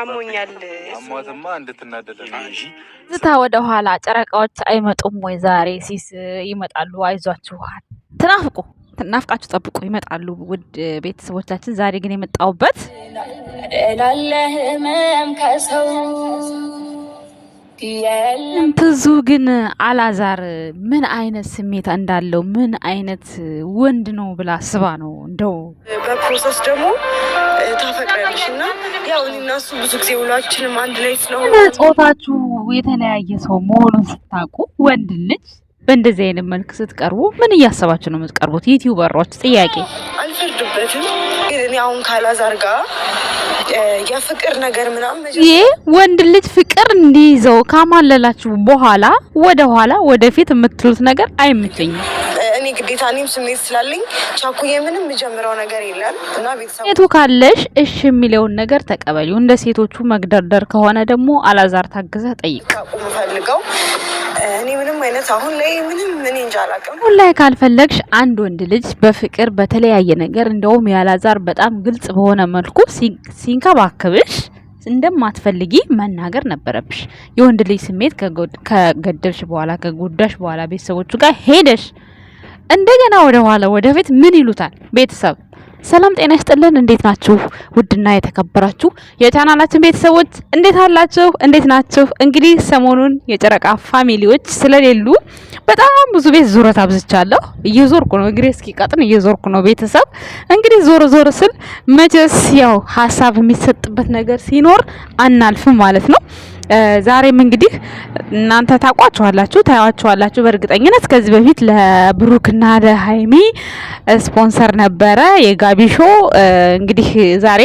አሞኛል። አሟትማ እንድትናደደ ዝታ ወደ ኋላ ጨረቃዎች አይመጡም ወይ? ዛሬ ሲስ ይመጣሉ። አይዟችኋል። ትናፍቁ ናፍቃችሁ ጠብቁ፣ ይመጣሉ ውድ ቤተሰቦቻችን። ዛሬ ግን የመጣሁበት ላለህመም ከሰው ትዙ ግን አላዛር ምን አይነት ስሜት እንዳለው ምን አይነት ወንድ ነው ብላ አስባ ነው። እንደው በፕሮሰስ ደግሞ ታፈቅራለሽ እና ያው እናሱ ብዙ ጊዜ ውሏችንም አንድ ላይ ስለሆነ ጾታችሁ የተለያየ ሰው መሆኑን ስታውቁ ወንድ ልጅ በእንደዚህ አይነት መልክ ስትቀርቡ ምን እያሰባችሁ ነው የምትቀርቡት? ዩቲዩበሮች ጥያቄ አልፈርድበትም። ግን እኔ አሁን ካላዛር ጋር የፍቅር ነገር ምናምን ይህ ወንድ ልጅ ፍቅር እንዲይዘው ካማለላችሁ በኋላ ወደ ኋላ ወደፊት የምትሉት ነገር አይመቸኝም። እኔ ግዴታ እኔም ስሜት ስላለኝ ቻኩዬ ምንም የምጀምረው ነገር የለም እና ቤተሰቡ ካለሽ እሺ የሚለውን ነገር ተቀበዩ። እንደ ሴቶቹ መግደርደር ከሆነ ደግሞ አላዛር ታግዘህ ጠይቅ። ቁም ፈልገው እኔ ምንም አይነት አሁን ላይ ምንም እኔ ሁላይ ካልፈለግሽ አንድ ወንድ ልጅ በፍቅር በተለያየ ነገር እንደውም ያላዛር በጣም ግልጽ በሆነ መልኩ ሲንከባክብሽ እንደማትፈልጊ መናገር ነበረብሽ። የወንድ ልጅ ስሜት ከገደብሽ በኋላ ከጎዳሽ በኋላ ቤተሰቦቹ ጋር ሄደሽ እንደገና ወደ ኋላ ወደፊት ምን ይሉታል ቤተሰብ ሰላም ጤና ይስጥልን። እንዴት ናችሁ? ውድና የተከበራችሁ የቻናላችን ቤተሰቦች እንዴት አላችሁ? እንዴት ናችሁ? እንግዲህ ሰሞኑን የጨረቃ ፋሚሊዎች ስለሌሉ በጣም ብዙ ቤት ዙረት አብዝቻለሁ። እየዞርኩ ነው፣ እግሬ እስኪቀጥን እየዞርኩ ነው። ቤተሰብ እንግዲህ ዞር ዞር ስል መቼስ ያው ሀሳብ የሚሰጥበት ነገር ሲኖር አናልፍም ማለት ነው። ዛሬም እንግዲህ እናንተ ታቋችኋላችሁ፣ ታያችኋላችሁ በእርግጠኝነት ከዚህ በፊት ለብሩክና ለሀይሚ ስፖንሰር ነበረ የጋቢ ሾ። እንግዲህ ዛሬ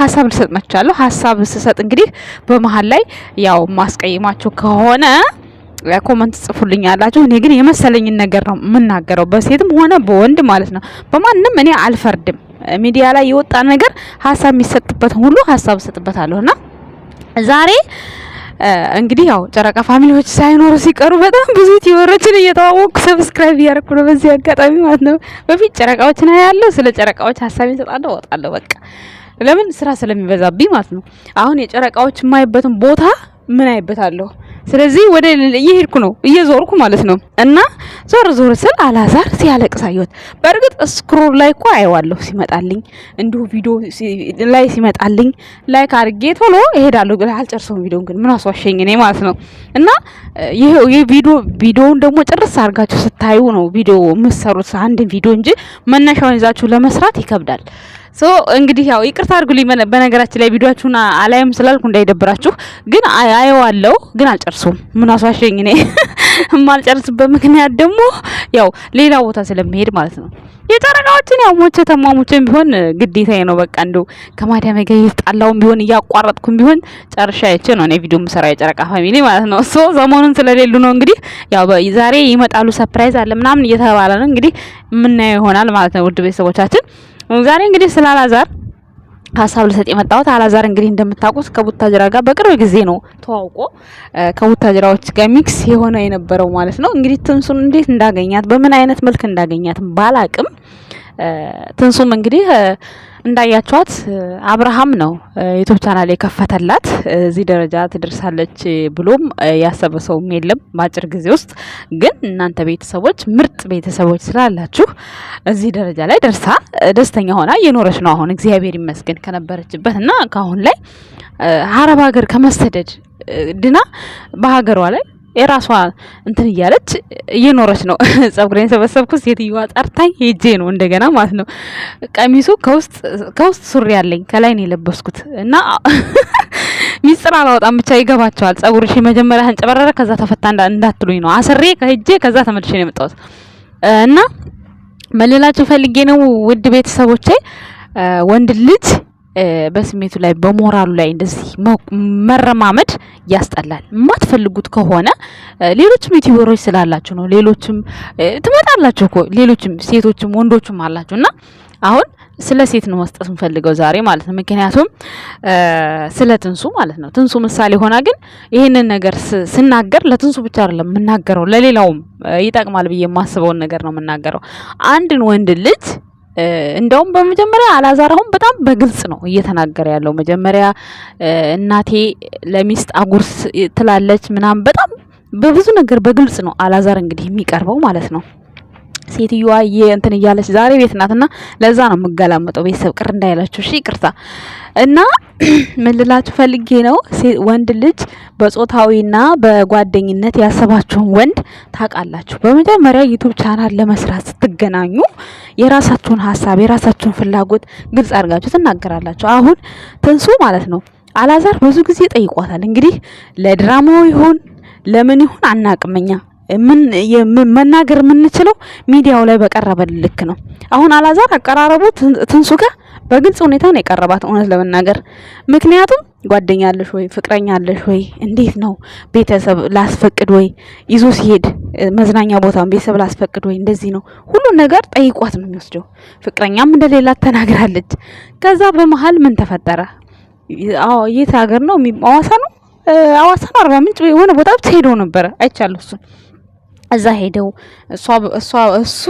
ሀሳብ ልሰጥ መቻለሁ። ሀሳብ ስሰጥ እንግዲህ በመሀል ላይ ያው ማስቀይማችሁ ከሆነ ኮመንት ጽፉልኝ ያላችሁ። እኔ ግን የመሰለኝን ነገር ነው የምናገረው፣ በሴትም ሆነ በወንድ ማለት ነው። በማንም እኔ አልፈርድም። ሚዲያ ላይ የወጣ ነገር ሀሳብ የሚሰጥበትን ሁሉ ሀሳብ እሰጥበታለሁና ዛሬ እንግዲህ ያው ጨረቃ ፋሚሊዎች ሳይኖሩ ሲቀሩ በጣም ብዙ ቲወሮችን እየተዋወቅኩ ሰብስክራይብ እያደረኩ ነው። በዚህ አጋጣሚ ማለት ነው በፊት ጨረቃዎችን ያለው ስለ ጨረቃዎች ሀሳቤን ሰጣለሁ፣ እወጣለሁ። በቃ ለምን ስራ ስለሚበዛብኝ ማለት ነው። አሁን የጨረቃዎች የማይበትን ቦታ ምን አይበታለሁ ስለዚህ ወደ እየሄድኩ ነው እየዞርኩ ማለት ነው። እና ዞር ዞር ስል አላዛር ሲያለቅስ አየሁት። በእርግጥ ስክሮል ላይ እኮ አየዋለሁ ሲመጣልኝ፣ እንዲሁ ቪዲዮ ላይ ሲመጣልኝ ላይክ አድርጌ ቶሎ እሄዳለሁ። ግን አልጨርሰውም ቪዲዮን ግን ምን አስዋሸኝ እኔ ማለት ነው። እና ይሄ ቪዲዮ ቪዲዮውን ደግሞ ጭርስ አድርጋችሁ ስታዩ ነው ቪዲዮ የምትሰሩት አንድን ቪዲዮ እንጂ መነሻውን ይዛችሁ ለመስራት ይከብዳል። ሶ እንግዲህ ያው ይቅርታ አድርጉልኝ። በነገራችን ላይ ቪዲዮአችሁን አላይም ስላልኩ እንዳይደብራችሁ፣ ግን አየዋለሁ፣ ግን አልጨርሱም። ምን አስዋሸኝ እኔ የማልጨርስበት ምክንያት ደግሞ ያው ሌላ ቦታ ስለሚሄድ ማለት ነው። የጨረቃዎችን ያው ሞቼ ተሟሙቼም ቢሆን ግዴታዬ ነው። በቃ እንደው ከማዳሜ ጋር እየተጣላሁም ቢሆን እያቋረጥኩም ቢሆን ጨርሻ አይቼ ነው እኔ ቪዲዮ የምሰራው የጨረቃ ፋሚሊ ማለት ነው። ሶ ሰሞኑን ስለሌሉ ነው እንግዲህ ያው ዛሬ ይመጣሉ፣ ሰፕራይዝ አለ ምናምን እየተባለ ነው እንግዲህ የምናየው ይሆናል ማለት ነው ውድ ቤተሰቦቻችን ዛሬ እንግዲህ ስለ አላዛር ሀሳብ ልሰጥ የመጣሁት አላዛር እንግዲህ እንደምታውቁት ከቡታጅራ ጋር በቅርብ ጊዜ ነው ተዋውቆ ከቡታጅራዎች ጋር ሚክስ የሆነ የነበረው ማለት ነው። እንግዲህ ትንሱን እንዴት እንዳገኛት በምን አይነት መልክ እንዳገኛት ባላቅም ትንሱም እንግዲህ እንዳያችኋት አብርሃም ነው ዩቱብ ቻናል የከፈተላት። እዚህ ደረጃ ትደርሳለች ብሎም ያሰበ ሰውም የለም በአጭር ጊዜ ውስጥ። ግን እናንተ ቤተሰቦች ምርጥ ቤተሰቦች ስላላችሁ እዚህ ደረጃ ላይ ደርሳ ደስተኛ ሆና እየኖረች ነው አሁን እግዚአብሔር ይመስገን ከነበረችበት እና ከአሁን ላይ አረብ ሀገር ከመሰደድ ድና በሀገሯ ላይ የራሷ እንትን እያለች እየኖረች ነው። ጸጉሬን ሰበሰብኩት ሴትዮዋ ጠርታኝ ሄጄ ነው እንደገና ማለት ነው። ቀሚሱ ከውስጥ ከውስጥ ሱሪ ያለኝ ከላይ ነው የለበስኩት እና ሚስጥር አላወጣም ብቻ ይገባቸዋል። ጸጉርሽ መጀመሪያ አንጨበረረ ከዛ ተፈታ እንዳትሉኝ ነው አስሬ ከሄጄ ከዛ ተመልሼ ነው የመጣሁት እና መለላችሁ ፈልጌ ነው ውድ ቤተሰቦቼ ወንድ ልጅ በስሜቱ ላይ በሞራሉ ላይ እንደዚህ መረማመድ ያስጠላል። የማትፈልጉት ከሆነ ሌሎችም ዩቲዩበሮች ስላላችሁ ነው። ሌሎችም ትመጣላችሁ እኮ ሌሎችም ሴቶችም ወንዶችም አላችሁ እና አሁን ስለ ሴት ነው መስጠት እንፈልገው ዛሬ ማለት ነው። ምክንያቱም ስለ ትንሱ ማለት ነው። ትንሱ ምሳሌ ሆና ግን ይህንን ነገር ስናገር ለትንሱ ብቻ አይደለም የምናገረው፣ ለሌላውም ይጠቅማል ብዬ የማስበውን ነገር ነው የምናገረው። አንድን ወንድ ልጅ እንደውም በመጀመሪያ አላዛር አሁን በጣም በግልጽ ነው እየተናገረ ያለው። መጀመሪያ እናቴ ለሚስት አጉርስ ትላለች ምናምን፣ በጣም በብዙ ነገር በግልጽ ነው አላዛር እንግዲህ የሚቀርበው ማለት ነው። ሴትዮዋ እንትን እያለች ዛሬ ቤት ናትና ለዛ ነው የምገላመጠው። ቤተሰብ ቅር እንዳይላችሁ እሺ፣ ቅርታ እና ምን ልላችሁ ፈልጌ ነው ወንድ ልጅ በጾታዊና በጓደኝነት ያሰባችሁን ወንድ ታውቃላችሁ። በመጀመሪያ ዩቱብ ቻናል ለመስራት ስትገናኙ የራሳችሁን ሀሳብ የራሳችሁን ፍላጎት ግልጽ አድርጋችሁ ትናገራላችሁ። አሁን ትንሱ ማለት ነው አላዛር ብዙ ጊዜ ጠይቋታል። እንግዲህ ለድራማው ይሁን ለምን ይሁን አናቅመኛ መናገር የምንችለው ሚዲያው ላይ በቀረበ ልክ ነው። አሁን አላዛር አቀራረቡ ትንሱ ጋር በግልጽ ሁኔታ ነው የቀረባት እውነት ለመናገር ምክንያቱም ጓደኛ አለሽ ወይ ፍቅረኛለሽ ወይ እንዴት ነው ቤተሰብ ላስፈቅድ ወይ ይዞ ሲሄድ መዝናኛ ቦታን ቤተሰብ ላስፈቅድ ወይ እንደዚህ ነው ሁሉን ነገር ጠይቋት ነው የሚወስደው። ፍቅረኛም እንደሌላት ተናግራለች። ከዛ በመሀል ምን ተፈጠረ? የት ሀገር ነው? አዋሳ ነው አዋሳ ነው አርባ ምንጭ የሆነ ቦታ ብቻ ሄደው ነበረ አይቻለሁ እሱን እዛ ሄደው እሷ እሱ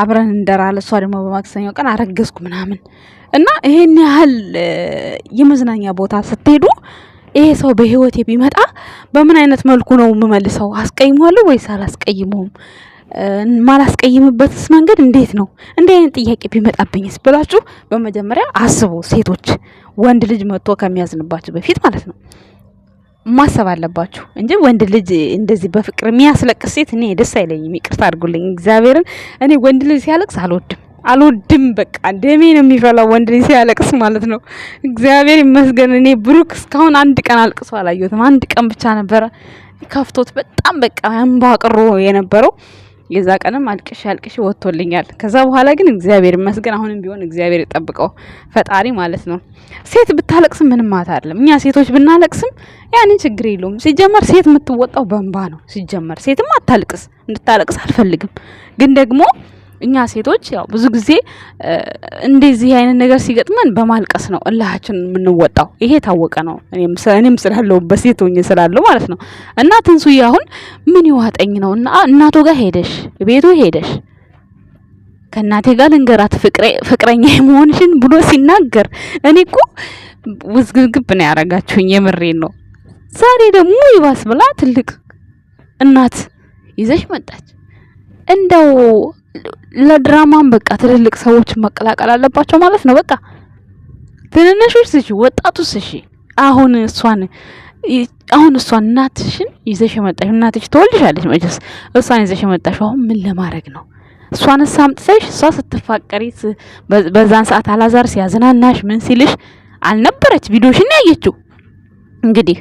አብረን እንደራለ እሷ ደግሞ በማክሰኞ ቀን አረገዝኩ ምናምን እና ይሄን ያህል የመዝናኛ ቦታ ስትሄዱ ይሄ ሰው በህይወቴ ቢመጣ በምን አይነት መልኩ ነው የምመልሰው? አስቀይሟለሁ ወይስ አላስቀይመውም? ማላስቀይምበትስ መንገድ እንዴት ነው? እንዲህ አይነት ጥያቄ ቢመጣብኝስ ብላችሁ በመጀመሪያ አስቡ ሴቶች፣ ወንድ ልጅ መጥቶ ከሚያዝንባችሁ በፊት ማለት ነው። ማሰብ አለባችሁ እንጂ ወንድ ልጅ እንደዚህ በፍቅር የሚያስለቅስ ሴት እኔ ደስ አይለኝም። ይቅርታ አድርጉልኝ እግዚአብሔርን። እኔ ወንድ ልጅ ሲያለቅስ አልወድም አልወድም። በቃ ደሜ ነው የሚፈላው ወንድ ልጅ ሲያለቅስ ማለት ነው። እግዚአብሔር ይመስገን እኔ ብሩክ እስካሁን አንድ ቀን አልቅሶ አላየሁትም። አንድ ቀን ብቻ ነበረ ከፍቶት በጣም በቃ አንባቅሮ የነበረው የዛ ቀንም አልቅሽ አልቅሽ ወጥቶልኛል። ከዛ በኋላ ግን እግዚአብሔር ይመስገን አሁንም ቢሆን እግዚአብሔር ይጠብቀው ፈጣሪ ማለት ነው። ሴት ብታለቅስም ምንም ማታ አይደለም። እኛ ሴቶች ብናለቅስም ያንን ችግር የለውም። ሲጀመር ሴት የምትወጣው በእንባ ነው። ሲጀመር ሴትም አታልቅስ፣ እንድታለቅስ አልፈልግም። ግን ደግሞ እኛ ሴቶች ያው ብዙ ጊዜ እንደዚህ አይነት ነገር ሲገጥመን በማልቀስ ነው እልሃችን የምንወጣው። ይሄ የታወቀ ነው። እኔም ስላለው በሴት ሆኜ ስላለው ማለት ነው። እና ትንሱዬ አሁን ምን ይዋጠኝ ነው? እና እናቶ ጋር ሄደሽ ቤቱ ሄደሽ ከእናቴ ጋር ልንገራት ፍቅረኛ መሆንሽን ብሎ ሲናገር እኔ እኮ ውዝግብግብ ነው ያረጋችሁኝ። የምሬን ነው። ዛሬ ደግሞ ይባስ ብላ ትልቅ እናት ይዘሽ መጣች። እንደው ለድራማም በቃ ትልልቅ ሰዎች መቀላቀል አለባቸው ማለት ነው። በቃ ትንንሾች ስሺ፣ ወጣቱ ስሺ። አሁን እሷን አሁን እሷን እናትሽን ይዘሽ የመጣሽ እናትሽ ትወልድሻለች መቼስ። እሷን ይዘሽ የመጣሽ አሁን ምን ለማድረግ ነው? እሷንስ አምጥተሽ እሷ ስትፋቀሪ በዛን ሰዓት አላዛር ሲያዝናናሽ ምን ሲልሽ አልነበረች? ቪዲዮሽን ያየችው እንግዲህ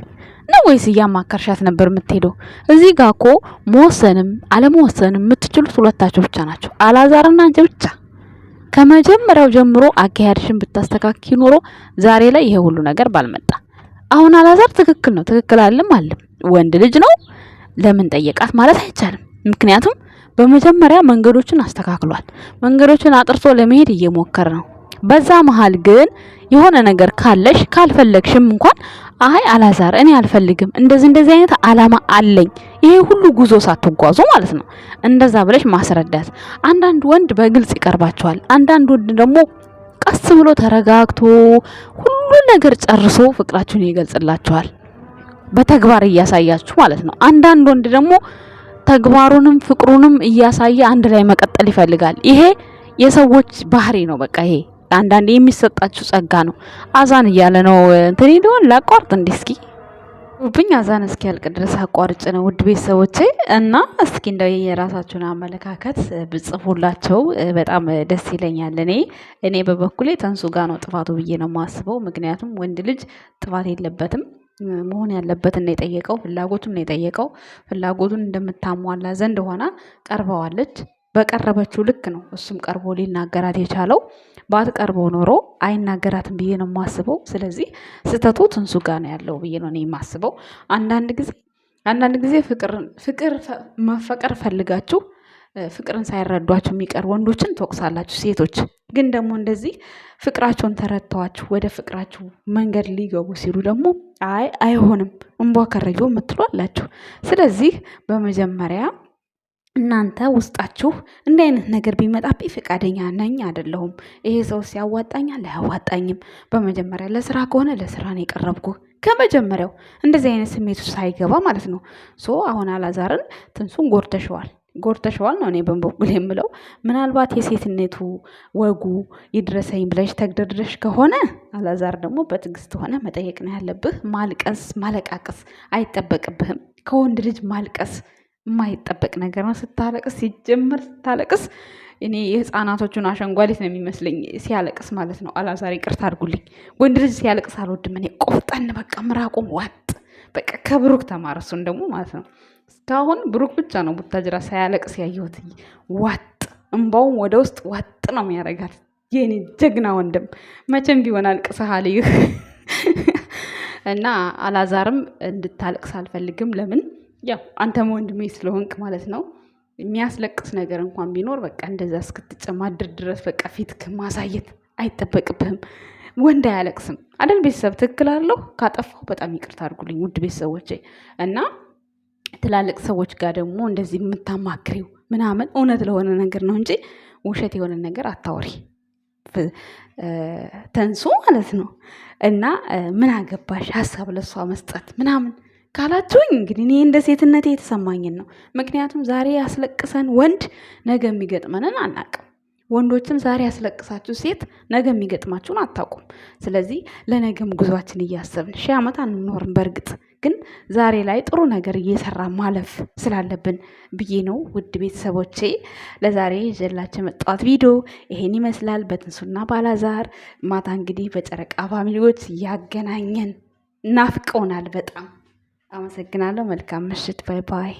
ነው ወይስ እያማከርሻት ነበር የምትሄደው? እዚህ ጋ እኮ መወሰንም አለመወሰንም የምትችሉት ሁለታቸው ብቻ ናቸው፣ አላዛርና አንቺ ብቻ። ከመጀመሪያው ጀምሮ አካሄድሽን ብታስተካኪ ኖሮ ዛሬ ላይ ይሄ ሁሉ ነገር ባልመጣ። አሁን አላዛር ትክክል ነው ትክክል አለም አለም ወንድ ልጅ ነው። ለምን ጠየቃት ማለት አይቻልም። ምክንያቱም በመጀመሪያ መንገዶችን አስተካክሏል። መንገዶችን አጥርቶ ለመሄድ እየሞከረ ነው። በዛ መሃል ግን የሆነ ነገር ካለሽ ካልፈለግሽም እንኳን አይ አላዛር እኔ አልፈልግም፣ እንደዚህ እንደዚህ አይነት አላማ አለኝ፣ ይሄ ሁሉ ጉዞ ሳትጓዙ ማለት ነው። እንደዛ ብለሽ ማስረዳት። አንዳንድ ወንድ በግልጽ ይቀርባቸዋል፣ አንዳንድ ወንድ ደግሞ ቀስ ብሎ ተረጋግቶ ሁሉ ነገር ጨርሶ ፍቅራችሁን ይገልጽላችኋል፣ በተግባር እያሳያችሁ ማለት ነው። አንዳንድ ወንድ ደግሞ ተግባሩንም ፍቅሩንም እያሳየ አንድ ላይ መቀጠል ይፈልጋል። ይሄ የሰዎች ባህሪ ነው። በቃ ይሄ አንዳንዴ የሚሰጣችሁ ጸጋ ነው። አዛን እያለ ነው እንትን ሊሆን ላቋርጥ እንዲ እስኪ ብኝ አዛን ያልቅ ድረስ አቋርጭ ነው። ውድ ቤተሰቦቼ እና እስኪ እንደው የራሳችሁን አመለካከት ብጽፉላቸው በጣም ደስ ይለኛል። እኔ እኔ በበኩሌ ተንሱ ጋ ነው ጥፋቱ ብዬ ነው የማስበው። ምክንያቱም ወንድ ልጅ ጥፋት የለበትም መሆን ያለበትን ነው የጠየቀው፣ ፍላጎቱን ነው የጠየቀው። ፍላጎቱን እንደምታሟላ ዘንድ ሆና ቀርበዋለች። በቀረበችው ልክ ነው እሱም ቀርቦ ሊናገራት የቻለው። ባትቀርበው ኖሮ አይናገራትም ብዬ ነው የማስበው። ስለዚህ ስህተቱ ትንሱ ጋር ነው ያለው ብዬ ነው የማስበው። አንዳንድ ጊዜ አንዳንድ ጊዜ ፍቅር መፈቀር ፈልጋችሁ ፍቅርን ሳይረዷችሁ የሚቀር ወንዶችን ትወቅሳላችሁ። ሴቶች ግን ደግሞ እንደዚህ ፍቅራቸውን ተረድተዋችሁ ወደ ፍቅራችሁ መንገድ ሊገቡ ሲሉ ደግሞ አይ አይሆንም እምቧ ከረጆ የምትሉ አላችሁ። ስለዚህ በመጀመሪያ እናንተ ውስጣችሁ እንዲህ አይነት ነገር ቢመጣብኝ ፈቃደኛ ነኝ አይደለሁም። ይሄ ሰው ሲያዋጣኝ አያዋጣኝም። በመጀመሪያ ለስራ ከሆነ ለስራ ነው የቀረብኩ ከመጀመሪያው እንደዚህ አይነት ስሜቱ ሳይገባ ማለት ነው። ሶ አሁን አላዛርን ትንሱን ጎርተሸዋል ጎርተሸዋል ነው እኔ በንበኩል የምለው። ምናልባት የሴትነቱ ወጉ ይድረሰኝ ብለሽ ተግደርደሽ ከሆነ አላዛር ደግሞ በትዕግስት ሆነ መጠየቅ ነው ያለብህ። ማልቀስ ማለቃቀስ አይጠበቅብህም። ከወንድ ልጅ ማልቀስ የማይጠበቅ ነገር ነው። ስታለቅስ ሲጀምር ስታለቅስ እኔ የህፃናቶቹን አሸንጓሊት ነው የሚመስለኝ ሲያለቅስ ማለት ነው። አላዛሬ ቅርታ አድርጉልኝ። ወንድ ልጅ ሲያለቅስ አልወድም እኔ። ቆፍጠን በቃ ምራቁም ዋጥ በቃ ከብሩክ ተማረሱን ደግሞ ማለት ነው። እስካሁን ብሩክ ብቻ ነው ቡታጅራ ሳያለቅስ ያየሁት። ዋጥ እምባውም ወደ ውስጥ ዋጥ ነው የሚያደርጋት። የኔ ጀግና ወንድም መቼም ቢሆን አልቅሰሃል ይህ እና አላዛርም እንድታለቅስ አልፈልግም ለምን ያው አንተም ወንድሜ ስለሆንክ ማለት ነው የሚያስለቅስ ነገር እንኳን ቢኖር በቃ እንደዛ እስክትጨማድር ድረስ በቃ ፊትክ ማሳየት አይጠበቅብህም። ወንድ አያለቅስም አደል? ቤተሰብ ትክክል አለው። ካጠፋሁ በጣም ይቅርታ አድርጉልኝ ውድ ቤተሰቦች እና ትላልቅ ሰዎች ጋር ደግሞ እንደዚህ የምታማክሪው ምናምን እውነት ለሆነ ነገር ነው እንጂ ውሸት የሆነ ነገር አታወሪ ተንሶ ማለት ነው። እና ምን አገባሽ ሀሳብ ለሷ መስጠት ምናምን ካላችሁኝ እንግዲህ እኔ እንደ ሴትነቴ የተሰማኝን ነው። ምክንያቱም ዛሬ ያስለቅሰን ወንድ ነገ የሚገጥመንን አናቅም። ወንዶችም ዛሬ ያስለቅሳችሁ ሴት ነገ የሚገጥማችሁን አታውቁም። ስለዚህ ለነገም ጉዟችን እያሰብን ሺህ ዓመት አንኖርም። በእርግጥ ግን ዛሬ ላይ ጥሩ ነገር እየሰራ ማለፍ ስላለብን ብዬ ነው። ውድ ቤተሰቦቼ ለዛሬ ይዤላችሁ የመጣሁት ቪዲዮ ይሄን ይመስላል። በትንሱና ባላዛር ማታ እንግዲህ በጨረቃ ፋሚሊዎች እያገናኘን ናፍቀውናል በጣም አመሰግናለሁ። መልካም ምሽት። ባይ ባይ